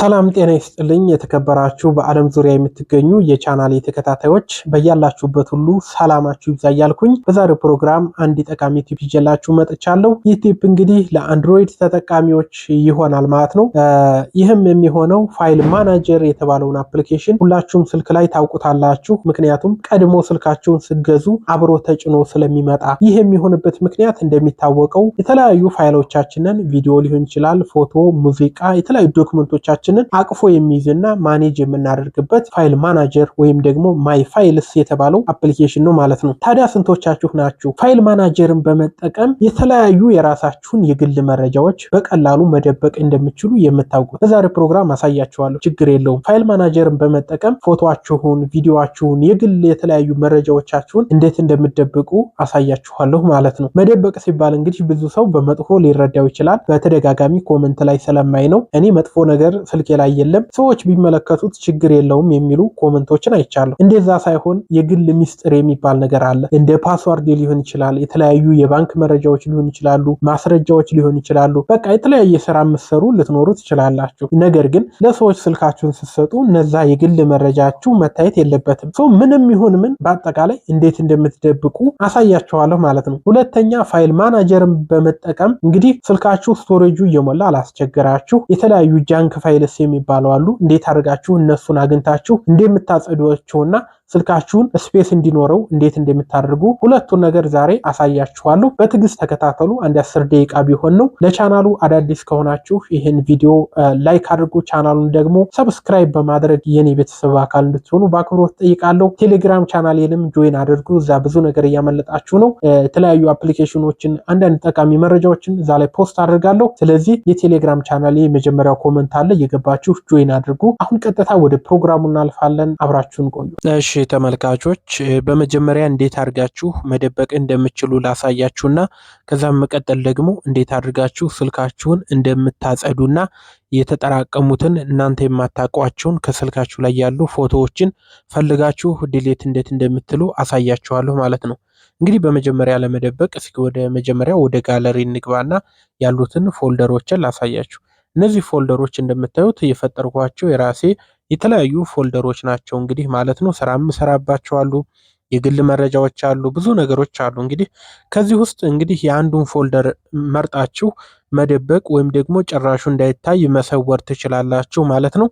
ሰላም ጤና ይስጥልኝ። የተከበራችሁ በዓለም ዙሪያ የምትገኙ የቻናል ተከታታዮች በያላችሁበት ሁሉ ሰላማችሁ ይብዛ እያልኩኝ በዛሬው ፕሮግራም አንድ ጠቃሚ ቲፕ ይዤላችሁ መጥቻለሁ። ይህ ቲፕ እንግዲህ ለአንድሮይድ ተጠቃሚዎች ይሆናል ማለት ነው። ይህም የሚሆነው ፋይል ማናጀር የተባለውን አፕሊኬሽን ሁላችሁም ስልክ ላይ ታውቁታላችሁ። ምክንያቱም ቀድሞ ስልካችሁን ስገዙ አብሮ ተጭኖ ስለሚመጣ ይህ የሚሆንበት ምክንያት እንደሚታወቀው የተለያዩ ፋይሎቻችንን ቪዲዮ ሊሆን ይችላል፣ ፎቶ፣ ሙዚቃ፣ የተለያዩ ዶክመንቶቻችን ፋይሎቻችንን አቅፎ የሚይዝና ማኔጅ የምናደርግበት ፋይል ማናጀር ወይም ደግሞ ማይ ፋይልስ የተባለው አፕሊኬሽን ነው ማለት ነው። ታዲያ ስንቶቻችሁ ናችሁ ፋይል ማናጀርን በመጠቀም የተለያዩ የራሳችሁን የግል መረጃዎች በቀላሉ መደበቅ እንደሚችሉ የምታውቁት? በዛሬ ፕሮግራም አሳያችኋለሁ። ችግር የለውም። ፋይል ማናጀርን በመጠቀም ፎቶችሁን፣ ቪዲዮችሁን፣ የግል የተለያዩ መረጃዎቻችሁን እንዴት እንደምደብቁ አሳያችኋለሁ ማለት ነው። መደበቅ ሲባል እንግዲህ ብዙ ሰው በመጥፎ ሊረዳው ይችላል። በተደጋጋሚ ኮመንት ላይ ስለማይ ነው እኔ መጥፎ ነገር ስልኬ ላይ የለም፣ ሰዎች ቢመለከቱት ችግር የለውም የሚሉ ኮመንቶችን አይቻለሁ። እንደዛ ሳይሆን የግል ሚስጥር የሚባል ነገር አለ። እንደ ፓስዋርድ ሊሆን ይችላል፣ የተለያዩ የባንክ መረጃዎች ሊሆን ይችላሉ፣ ማስረጃዎች ሊሆን ይችላሉ። በቃ የተለያየ ስራ የምትሰሩ ልትኖሩ ትችላላችሁ። ነገር ግን ለሰዎች ስልካችሁን ስትሰጡ እነዛ የግል መረጃችሁ መታየት የለበትም። ሰው ምንም ይሁን ምን በአጠቃላይ እንዴት እንደምትደብቁ አሳያችኋለሁ ማለት ነው። ሁለተኛ ፋይል ማናጀርን በመጠቀም እንግዲህ ስልካችሁ ስቶሬጁ እየሞላ አላስቸገራችሁ የተለያዩ ጃንክ ፋይል የሚባለው አሉ። እንዴት አድርጋችሁ እነሱን አግኝታችሁ እንደምታጸዷቸውና ስልካችሁን ስፔስ እንዲኖረው እንዴት እንደምታደርጉ ሁለቱን ነገር ዛሬ አሳያችኋለሁ። በትዕግስት ተከታተሉ። አንድ አስር ደቂቃ ቢሆን ነው። ለቻናሉ አዳዲስ ከሆናችሁ ይህን ቪዲዮ ላይክ አድርጉ። ቻናሉን ደግሞ ሰብስክራይብ በማድረግ የኔ ቤተሰብ አካል እንድትሆኑ በአክብሮት ጠይቃለሁ። ቴሌግራም ቻናሌንም ጆይን አድርጉ። እዛ ብዙ ነገር እያመለጣችሁ ነው። የተለያዩ አፕሊኬሽኖችን፣ አንዳንድ ጠቃሚ መረጃዎችን እዛ ላይ ፖስት አድርጋለሁ። ስለዚህ የቴሌግራም ቻናሌ የመጀመሪያው ኮመንት አለ፣ እየገባችሁ ጆይን አድርጉ። አሁን ቀጥታ ወደ ፕሮግራሙ እናልፋለን። አብራችሁን ቆዩ። እሺ ተመልካቾች በመጀመሪያ እንዴት አድርጋችሁ መደበቅ እንደምችሉ ላሳያችሁና ከዛም መቀጠል ደግሞ እንዴት አድርጋችሁ ስልካችሁን እንደምታጸዱና የተጠራቀሙትን እናንተ የማታውቋቸውን ከስልካችሁ ላይ ያሉ ፎቶዎችን ፈልጋችሁ ድሌት እንዴት እንደምትሉ አሳያችኋለሁ ማለት ነው። እንግዲህ በመጀመሪያ ለመደበቅ እስኪ ወደ መጀመሪያ ወደ ጋለሪ እንግባና ያሉትን ፎልደሮችን ላሳያችሁ። እነዚህ ፎልደሮች እንደምታዩት የፈጠርኳቸው የራሴ የተለያዩ ፎልደሮች ናቸው እንግዲህ ማለት ነው። ስራ የምሰራባቸው አሉ፣ የግል መረጃዎች አሉ፣ ብዙ ነገሮች አሉ። እንግዲህ ከዚህ ውስጥ እንግዲህ የአንዱን ፎልደር መርጣችሁ መደበቅ ወይም ደግሞ ጭራሹ እንዳይታይ መሰወር ትችላላችሁ ማለት ነው።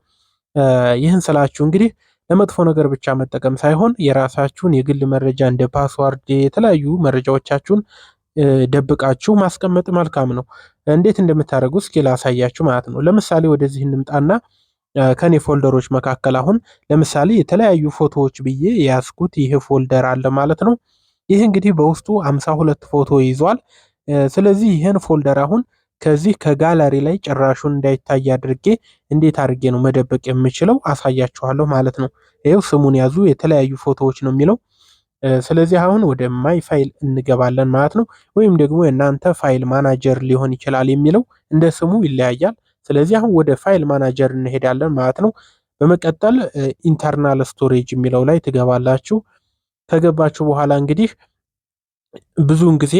ይህን ስላችሁ እንግዲህ ለመጥፎ ነገር ብቻ መጠቀም ሳይሆን የራሳችሁን የግል መረጃ እንደ ፓስዋርድ የተለያዩ መረጃዎቻችሁን ደብቃችሁ ማስቀመጥ መልካም ነው። እንዴት እንደምታደርጉ እስኪ ላሳያችሁ ማለት ነው። ለምሳሌ ወደዚህ እንምጣና ከኔ ፎልደሮች መካከል አሁን ለምሳሌ የተለያዩ ፎቶዎች ብዬ የያዝኩት ይህ ፎልደር አለ ማለት ነው። ይህ እንግዲህ በውስጡ አምሳ ሁለት ፎቶ ይዟል። ስለዚህ ይህን ፎልደር አሁን ከዚህ ከጋለሪ ላይ ጭራሹን እንዳይታይ አድርጌ እንዴት አድርጌ ነው መደበቅ የምችለው አሳያችኋለሁ ማለት ነው። ይኸው ስሙን ያዙ የተለያዩ ፎቶዎች ነው የሚለው። ስለዚህ አሁን ወደ ማይ ፋይል እንገባለን ማለት ነው። ወይም ደግሞ የእናንተ ፋይል ማናጀር ሊሆን ይችላል የሚለው እንደ ስሙ ይለያያል። ስለዚህ አሁን ወደ ፋይል ማናጀር እንሄዳለን ማለት ነው። በመቀጠል ኢንተርናል ስቶሬጅ የሚለው ላይ ትገባላችሁ። ከገባችሁ በኋላ እንግዲህ ብዙውን ጊዜ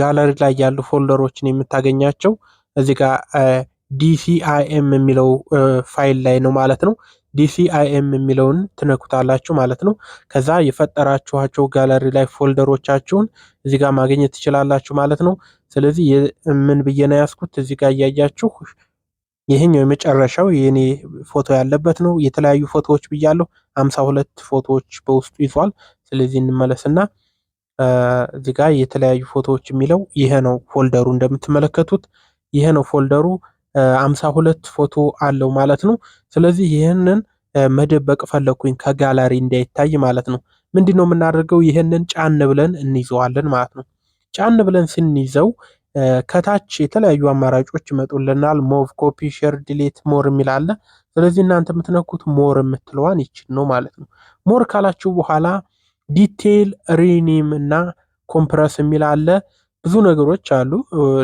ጋለሪ ላይ ያሉ ፎልደሮችን የምታገኛቸው እዚህ ጋር ዲሲአይኤም የሚለው ፋይል ላይ ነው ማለት ነው። ዲሲአይኤም የሚለውን ትነኩታላችሁ ማለት ነው። ከዛ የፈጠራችኋቸው ጋለሪ ላይ ፎልደሮቻችሁን እዚህ ጋር ማግኘት ትችላላችሁ ማለት ነው። ስለዚህ ምን ብዬ ነው ያስኩት እዚህ ጋር እያያችሁ ይህኛው የመጨረሻው የኔ ፎቶ ያለበት ነው። የተለያዩ ፎቶዎች ብያለሁ። አምሳ ሁለት ፎቶዎች በውስጡ ይዟል። ስለዚህ እንመለስና እዚህ ጋር የተለያዩ ፎቶዎች የሚለው ይሄ ነው። ፎልደሩ እንደምትመለከቱት ይሄ ነው ፎልደሩ። አምሳ ሁለት ፎቶ አለው ማለት ነው። ስለዚህ ይህንን መደበቅ ፈለኩኝ ከጋላሪ እንዳይታይ ማለት ነው። ምንድን ነው የምናደርገው? ይህንን ጫን ብለን እንይዘዋለን ማለት ነው። ጫን ብለን ስንይዘው ከታች የተለያዩ አማራጮች ይመጡልናል። ሞቭ፣ ኮፒ፣ ሼር፣ ዲሌት፣ ሞር የሚል አለ። ስለዚህ እናንተ የምትነኩት ሞር የምትለዋን ይችን ነው ማለት ነው። ሞር ካላችሁ በኋላ ዲቴይል፣ ሪኒም እና ኮምፕረስ የሚል አለ። ብዙ ነገሮች አሉ።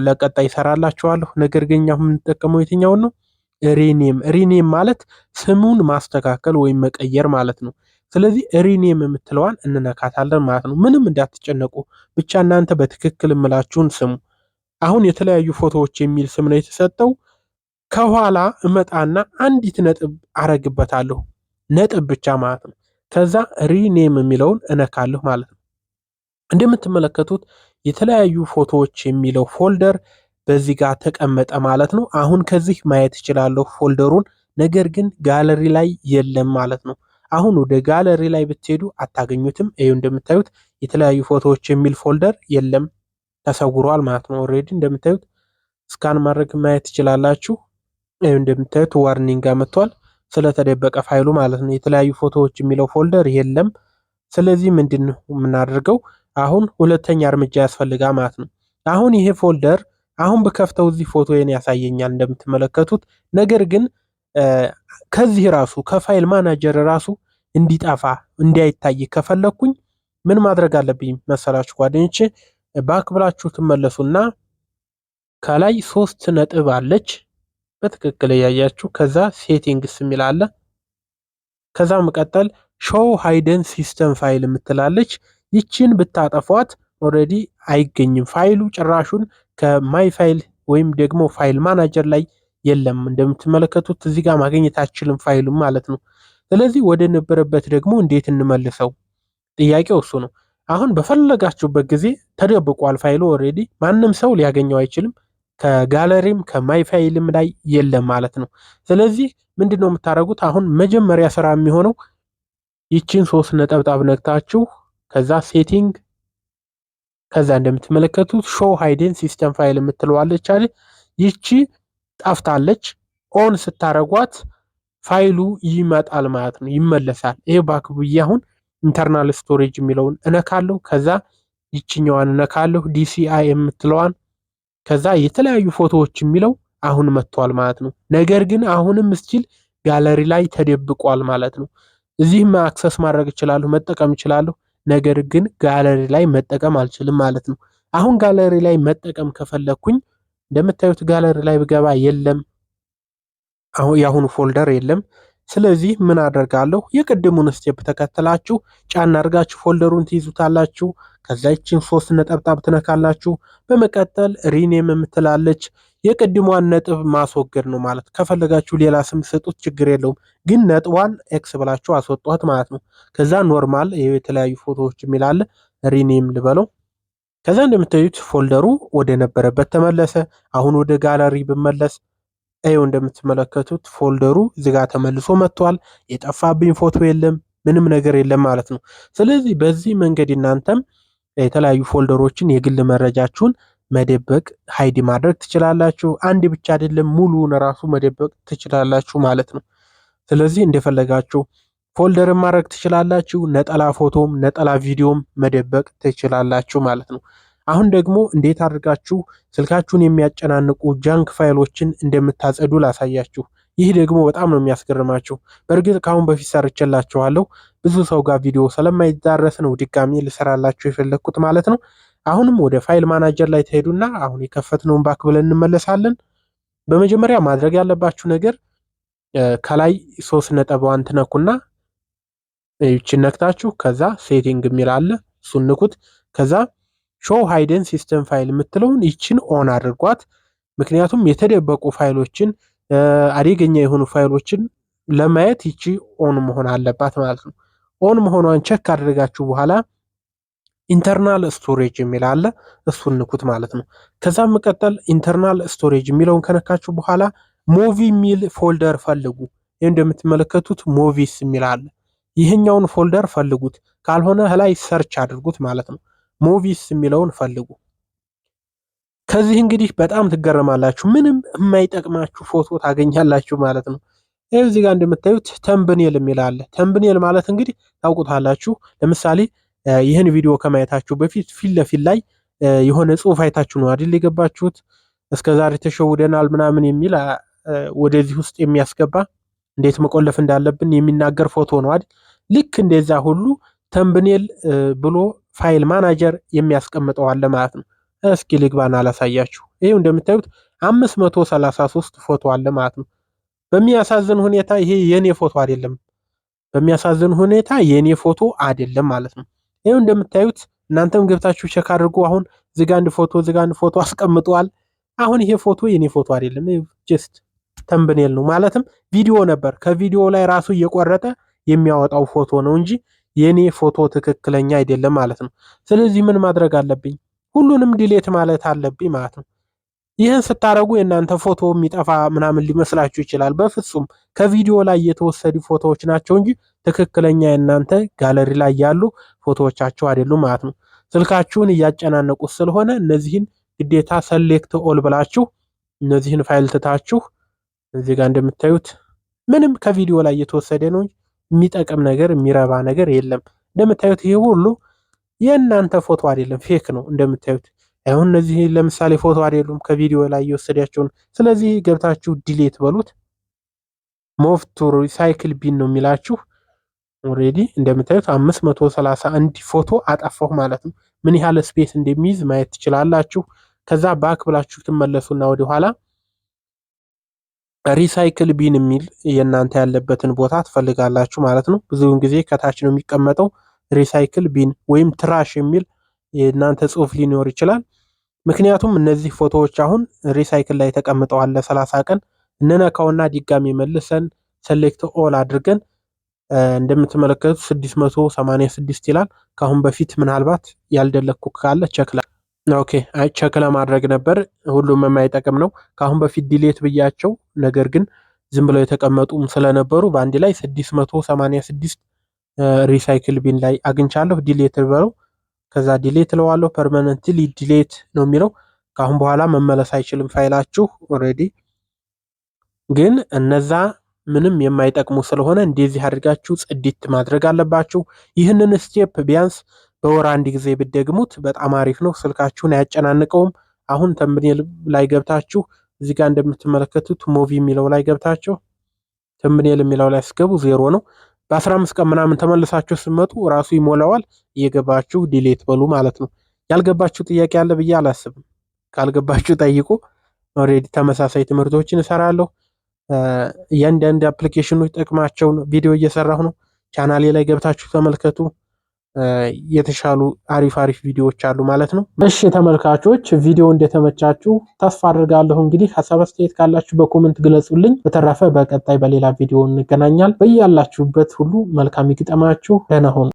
ለቀጣይ ይሰራላችኋለሁ። ነገር ግን አሁን የምንጠቀመው የትኛውን ነው? ሪኒም። ሪኒም ማለት ስሙን ማስተካከል ወይም መቀየር ማለት ነው። ስለዚህ ሪኔም የምትለዋን እንነካታለን ማለት ነው። ምንም እንዳትጨነቁ ብቻ እናንተ በትክክል የምላችሁን ስሙ። አሁን የተለያዩ ፎቶዎች የሚል ስም ነው የተሰጠው። ከኋላ እመጣና አንዲት ነጥብ አረግበታለሁ። ነጥብ ብቻ ማለት ነው። ከዛ ሪኔም የሚለውን እነካለሁ ማለት ነው። እንደምትመለከቱት የተለያዩ ፎቶዎች የሚለው ፎልደር በዚህ ጋር ተቀመጠ ማለት ነው። አሁን ከዚህ ማየት እችላለሁ ፎልደሩን፣ ነገር ግን ጋለሪ ላይ የለም ማለት ነው። አሁን ወደ ጋለሪ ላይ ብትሄዱ አታገኙትም። ይኸው እንደምታዩት የተለያዩ ፎቶዎች የሚል ፎልደር የለም ተሰውሯል ማለት ነው። ኦልሬዲ እንደምታዩት ስካን ማድረግ ማየት ትችላላችሁ። ይህ እንደምታዩት ዋርኒንግ አመጥቷል ስለተደበቀ ፋይሉ ማለት ነው። የተለያዩ ፎቶዎች የሚለው ፎልደር የለም። ስለዚህ ምንድን ነው የምናደርገው? አሁን ሁለተኛ እርምጃ ያስፈልጋ ማለት ነው። አሁን ይሄ ፎልደር አሁን በከፍተው እዚህ ፎቶዬን ያሳየኛል እንደምትመለከቱት። ነገር ግን ከዚህ ራሱ ከፋይል ማናጀር ራሱ እንዲጠፋ እንዲያይታይ ከፈለኩኝ ምን ማድረግ አለብኝ መሰላችሁ ጓደኞቼ? ባክ ብላችሁ ትመለሱና ከላይ ሶስት ነጥብ አለች። በትክክል እያያችሁ ከዛ ሴቲንግስ የሚል አለ። ከዛ መቀጠል ሾው ሃይደን ሲስተም ፋይል የምትላለች ይችን ብታጠፏት ኦልሬዲ አይገኝም ፋይሉ ጭራሹን ከማይ ፋይል ወይም ደግሞ ፋይል ማናጀር ላይ የለም። እንደምትመለከቱት እዚህ ጋር ማግኘት አችልም ፋይሉ ማለት ነው። ስለዚህ ወደ ነበረበት ደግሞ እንዴት እንመልሰው? ጥያቄው እሱ ነው። አሁን በፈለጋችሁበት ጊዜ ተደብቋል። ፋይሉ ኦልሬዲ ማንም ሰው ሊያገኘው አይችልም። ከጋለሪም ከማይ ፋይልም ላይ የለም ማለት ነው። ስለዚህ ምንድን ነው የምታደርጉት? አሁን መጀመሪያ ስራ የሚሆነው ይችን ሶስት ነጠብጣብ ነግታችሁ ከዛ ሴቲንግ ከዛ እንደምትመለከቱት ሾው ሃይደን ሲስተም ፋይል የምትለዋለች አለ። ይቺ ጠፍታለች። ኦን ስታረጓት ፋይሉ ይመጣል ማለት ነው፣ ይመለሳል። ይሄ ባክ ብዬ አሁን ኢንተርናል ስቶሬጅ የሚለውን እነካለሁ። ከዛ ይችኛዋን እነካለሁ ዲሲአይ የምትለዋን ከዛ የተለያዩ ፎቶዎች የሚለው አሁን መጥቷል ማለት ነው። ነገር ግን አሁንም እስችል ጋለሪ ላይ ተደብቋል ማለት ነው። እዚህም አክሰስ ማድረግ እችላለሁ፣ መጠቀም እችላለሁ። ነገር ግን ጋለሪ ላይ መጠቀም አልችልም ማለት ነው። አሁን ጋለሪ ላይ መጠቀም ከፈለግኩኝ እንደምታዩት ጋለሪ ላይ ብገባ የለም። አሁን የአሁኑ ፎልደር የለም። ስለዚህ ምን አደርጋለሁ? የቅድሙን ስቴፕ ተከትላችሁ ጫና አድርጋችሁ ፎልደሩን ትይዙታላችሁ። ከዛ ይችን ሶስት ነጠብጣብ ትነካላችሁ። በመቀጠል ሪኔም የምትላለች የቅድሟን ነጥብ ማስወገድ ነው ማለት። ከፈለጋችሁ ሌላ ስም ሰጡት፣ ችግር የለውም ግን ነጥቧን ኤክስ ብላችሁ አስወጧት ማለት ነው። ከዛ ኖርማል የተለያዩ ፎቶዎች የሚላለ ሪኔም ልበለው። ከዛ እንደምታዩት ፎልደሩ ወደ ነበረበት ተመለሰ። አሁን ወደ ጋለሪ ብመለስ ይኸው እንደምትመለከቱት ፎልደሩ ዝጋ ተመልሶ መጥቷል። የጠፋብኝ ፎቶ የለም፣ ምንም ነገር የለም ማለት ነው። ስለዚህ በዚህ መንገድ እናንተም የተለያዩ ፎልደሮችን የግል መረጃችሁን መደበቅ ሀይድ ማድረግ ትችላላችሁ። አንድ ብቻ አይደለም ሙሉውን ራሱ መደበቅ ትችላላችሁ ማለት ነው። ስለዚህ እንደፈለጋችሁ ፎልደርን ማድረግ ትችላላችሁ። ነጠላ ፎቶም ነጠላ ቪዲዮም መደበቅ ትችላላችሁ ማለት ነው። አሁን ደግሞ እንዴት አድርጋችሁ ስልካችሁን የሚያጨናንቁ ጃንክ ፋይሎችን እንደምታጸዱ ላሳያችሁ። ይህ ደግሞ በጣም ነው የሚያስገርማችሁ። በእርግጥ ከአሁን በፊት ሰርቼላችኋለሁ ብዙ ሰው ጋር ቪዲዮ ስለማይዳረስ ነው ድጋሚ ልሰራላችሁ የፈለግኩት ማለት ነው። አሁንም ወደ ፋይል ማናጀር ላይ ትሄዱና አሁን የከፈትነውን ባክ ብለን እንመለሳለን። በመጀመሪያ ማድረግ ያለባችሁ ነገር ከላይ ሶስት ነጥቧን ትነኩና ይቺን ነክታችሁ ከዛ ሴቲንግ የሚል አለ እሱን ንኩት። ከዛ ሾው ሃይደን ሲስተም ፋይል የምትለውን ይችን ኦን አድርጓት። ምክንያቱም የተደበቁ ፋይሎችን አደገኛ የሆኑ ፋይሎችን ለማየት ይቺ ኦን መሆን አለባት ማለት ነው። ኦን መሆኗን ቸክ ካደረጋችሁ በኋላ ኢንተርናል ስቶሬጅ የሚል አለ፣ እሱን ንኩት ማለት ነው። ከዛም መቀጠል ኢንተርናል ስቶሬጅ የሚለውን ከነካችሁ በኋላ ሞቪ የሚል ፎልደር ፈልጉ። ይህ እንደምትመለከቱት ሞቪስ የሚል አለ። ይህኛውን ፎልደር ፈልጉት፣ ካልሆነ ላይ ሰርች አድርጉት ማለት ነው። ሙቪስ የሚለውን ፈልጉ። ከዚህ እንግዲህ በጣም ትገረማላችሁ። ምንም የማይጠቅማችሁ ፎቶ ታገኛላችሁ ማለት ነው። ይህ እዚህ ጋር እንደምታዩት ተምብኔል የሚል አለ። ተምብኔል ማለት እንግዲህ ታውቁታላችሁ። ለምሳሌ ይህን ቪዲዮ ከማየታችሁ በፊት ፊት ለፊት ላይ የሆነ ጽሑፍ አይታችሁ ነው አይደል የገባችሁት? እስከዛሬ ተሸውደናል ምናምን የሚል ወደዚህ ውስጥ የሚያስገባ እንዴት መቆለፍ እንዳለብን የሚናገር ፎቶ ነው አይደል? ልክ እንደዛ ሁሉ ተምብኔል ብሎ ፋይል ማናጀር የሚያስቀምጠው አለ ማለት ነው። እስኪ ልግባና አላሳያችሁ። ይሄው እንደምታዩት 533 ፎቶ አለ ማለት ነው። በሚያሳዝን ሁኔታ ይሄ የኔ ፎቶ አይደለም። በሚያሳዝን ሁኔታ የኔ ፎቶ አይደለም ማለት ነው። ይሄው እንደምታዩት እናንተም ገብታችሁ ቼክ አድርጉ። አሁን እዚህ አንድ ፎቶ እዚህ አንድ ፎቶ አስቀምጠዋል። አሁን ይሄ ፎቶ የኔ ፎቶ አይደለም። ጀስት ተምብኔል ነው ማለትም ቪዲዮ ነበር። ከቪዲዮ ላይ ራሱ እየቆረጠ የሚያወጣው ፎቶ ነው እንጂ የኔ ፎቶ ትክክለኛ አይደለም ማለት ነው። ስለዚህ ምን ማድረግ አለብኝ? ሁሉንም ዲሌት ማለት አለብኝ ማለት ነው። ይህን ስታደረጉ የእናንተ ፎቶ የሚጠፋ ምናምን ሊመስላችሁ ይችላል። በፍጹም ከቪዲዮ ላይ የተወሰዱ ፎቶዎች ናቸው እንጂ ትክክለኛ የእናንተ ጋለሪ ላይ ያሉ ፎቶዎቻቸው አይደሉም ማለት ነው። ስልካችሁን እያጨናነቁት ስለሆነ እነዚህን ግዴታ ሰሌክት ኦል ብላችሁ እነዚህን ፋይል ትታችሁ እዚህ ጋር እንደምታዩት ምንም ከቪዲዮ ላይ የተወሰደ ነው እንጂ የሚጠቅም ነገር የሚረባ ነገር የለም። እንደምታዩት ይሄ ሁሉ የእናንተ ፎቶ አይደለም፣ ፌክ ነው። እንደምታዩት አሁን እነዚህ ለምሳሌ ፎቶ አይደሉም ከቪዲዮ ላይ የወሰዳቸውን። ስለዚህ ገብታችሁ ዲሌት በሉት። ቱ ሪሳይክል ቢን ነው የሚላችሁ። ኦሬዲ እንደምታዩት 531 ፎቶ አጠፋሁ ማለት ነው። ምን ያህል ስፔስ እንደሚይዝ ማየት ትችላላችሁ። ከዛ ባክ ብላችሁ ትመለሱና ወደኋላ ሪሳይክል ቢን የሚል የእናንተ ያለበትን ቦታ ትፈልጋላችሁ ማለት ነው። ብዙውን ጊዜ ከታች ነው የሚቀመጠው። ሪሳይክል ቢን ወይም ትራሽ የሚል የእናንተ ጽሁፍ ሊኖር ይችላል። ምክንያቱም እነዚህ ፎቶዎች አሁን ሪሳይክል ላይ ተቀምጠዋል ለሰላሳ ቀን እንነካውና ድጋሚ መልሰን ሴሌክት ኦል አድርገን እንደምትመለከቱት 686 ይላል። ከአሁን በፊት ምናልባት ያልደለኩ ካለ ቸክላ ኦኬ አይ ቸክ ለማድረግ ነበር። ሁሉም የማይጠቅም ነው። ከአሁን በፊት ዲሌት ብያቸው ነገር ግን ዝም ብለው የተቀመጡም ስለነበሩ በአንድ ላይ 686 ሪሳይክል ቢን ላይ አግኝቻለሁ። ዲሌት ልበለው፣ ከዛ ዲሌት እለዋለሁ። ፐርማነንትሊ ዲሌት ነው የሚለው። ከአሁን በኋላ መመለስ አይችልም ፋይላችሁ። ኦልሬዲ ግን እነዛ ምንም የማይጠቅሙ ስለሆነ እንደዚህ አድርጋችሁ ጽድት ማድረግ አለባችሁ። ይህንን ስቴፕ ቢያንስ በወር አንድ ጊዜ ብደግሙት በጣም አሪፍ ነው። ስልካችሁን አያጨናንቀውም። አሁን ተምኔል ላይ ገብታችሁ እዚህ ጋር እንደምትመለከቱት ሞቪ የሚለው ላይ ገብታችሁ ተምኔል የሚለው ላይ ስገቡ ዜሮ ነው። በ15 ቀን ምናምን ተመልሳችሁ ስትመጡ ራሱ ይሞላዋል። እየገባችሁ ዲሌት በሉ ማለት ነው። ያልገባችሁ ጥያቄ አለ ብዬ አላስብም። ካልገባችሁ ጠይቁ። ኦልሬዲ ተመሳሳይ ትምህርቶችን እሰራለሁ። እያንዳንድ አፕሊኬሽኖች ጥቅማቸውን ቪዲዮ እየሰራሁ ነው። ቻናሌ ላይ ገብታችሁ ተመልከቱ። የተሻሉ አሪፍ አሪፍ ቪዲዮዎች አሉ ማለት ነው። እሺ ተመልካቾች ቪዲዮ እንደተመቻችሁ ተስፋ አድርጋለሁ። እንግዲህ ሀሳብ አስተያየት ካላችሁ በኮመንት ግለጹልኝ። በተረፈ በቀጣይ በሌላ ቪዲዮ እንገናኛል። በያላችሁበት ሁሉ መልካም ይግጠማችሁ። ደህና ሁኑ።